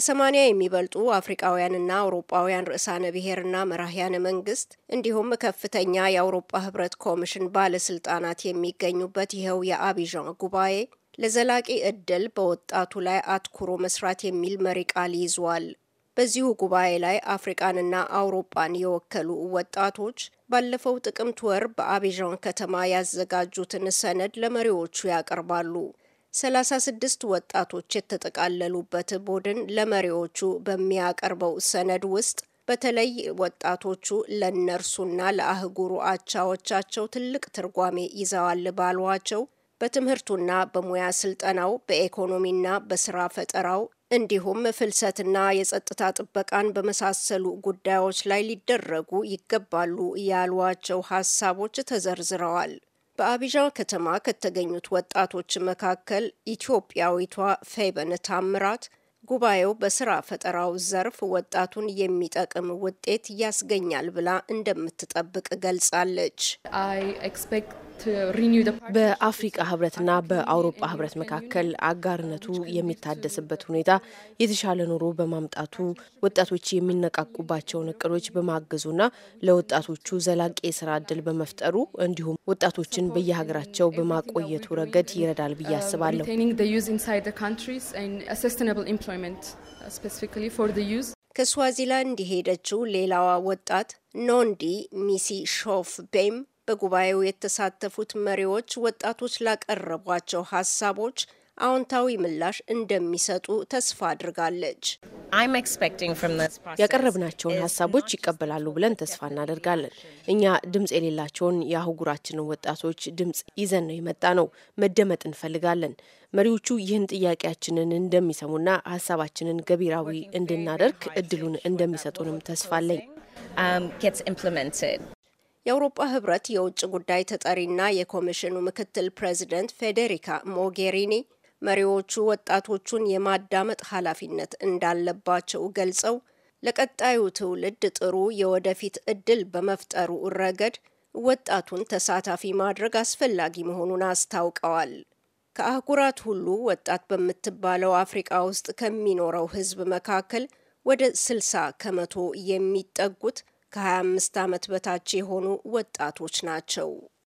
ከሰማኒያ የሚበልጡ አፍሪቃውያንና አውሮጳውያን ርዕሳነ ብሔርና መራህያነ መንግስት እንዲሁም ከፍተኛ የአውሮፓ ህብረት ኮሚሽን ባለስልጣናት የሚገኙበት ይኸው የአቢዣን ጉባኤ ለዘላቂ እድል በወጣቱ ላይ አትኩሮ መስራት የሚል መሪ ቃል ይዟል። በዚሁ ጉባኤ ላይ አፍሪቃንና አውሮፓን የወከሉ ወጣቶች ባለፈው ጥቅምት ወር በአቢዣን ከተማ ያዘጋጁትን ሰነድ ለመሪዎቹ ያቀርባሉ። 36 ወጣቶች የተጠቃለሉበት ቡድን ለመሪዎቹ በሚያቀርበው ሰነድ ውስጥ በተለይ ወጣቶቹ ለእነርሱና ለአህጉሩ አቻዎቻቸው ትልቅ ትርጓሜ ይዘዋል ባሏቸው በትምህርቱና በሙያ ስልጠናው፣ በኢኮኖሚና በስራ ፈጠራው እንዲሁም ፍልሰትና የጸጥታ ጥበቃን በመሳሰሉ ጉዳዮች ላይ ሊደረጉ ይገባሉ ያሏቸው ሀሳቦች ተዘርዝረዋል። በአቢዣን ከተማ ከተገኙት ወጣቶች መካከል ኢትዮጵያዊቷ ፌበን ታምራት ጉባኤው በስራ ፈጠራው ዘርፍ ወጣቱን የሚጠቅም ውጤት ያስገኛል ብላ እንደምትጠብቅ ገልጻለች። በአፍሪቃ ህብረትና በአውሮፓ ህብረት መካከል አጋርነቱ የሚታደስበት ሁኔታ የተሻለ ኑሮ በማምጣቱ ወጣቶች የሚነቃቁባቸውን እቅዶች በማገዙና ለወጣቶቹ ዘላቂ የስራ እድል በመፍጠሩ እንዲሁም ወጣቶችን በየሀገራቸው በማቆየቱ ረገድ ይረዳል ብዬ አስባለሁ። ከስዋዚላንድ የሄደችው ሌላዋ ወጣት ኖንዲ ሚሲ ሾፍ ቤም በጉባኤው የተሳተፉት መሪዎች ወጣቶች ላቀረቧቸው ሀሳቦች አዎንታዊ ምላሽ እንደሚሰጡ ተስፋ አድርጋለች። ያቀረብናቸውን ሀሳቦች ይቀበላሉ ብለን ተስፋ እናደርጋለን። እኛ ድምፅ የሌላቸውን የአህጉራችንን ወጣቶች ድምፅ ይዘን ነው የመጣ ነው። መደመጥ እንፈልጋለን። መሪዎቹ ይህን ጥያቄያችንን እንደሚሰሙና ሀሳባችንን ገቢራዊ እንድናደርግ እድሉን እንደሚሰጡንም ተስፋ አለኝ። um, የአውሮፓ ህብረት የውጭ ጉዳይ ተጠሪና የኮሚሽኑ ምክትል ፕሬዚደንት ፌዴሪካ ሞጌሪኒ መሪዎቹ ወጣቶቹን የማዳመጥ ኃላፊነት እንዳለባቸው ገልጸው ለቀጣዩ ትውልድ ጥሩ የወደፊት እድል በመፍጠሩ ረገድ ወጣቱን ተሳታፊ ማድረግ አስፈላጊ መሆኑን አስታውቀዋል። ከአህጉራት ሁሉ ወጣት በምትባለው አፍሪቃ ውስጥ ከሚኖረው ህዝብ መካከል ወደ 60 ከመቶ የሚጠጉት ከ25 ዓመት በታች የሆኑ ወጣቶች ናቸው።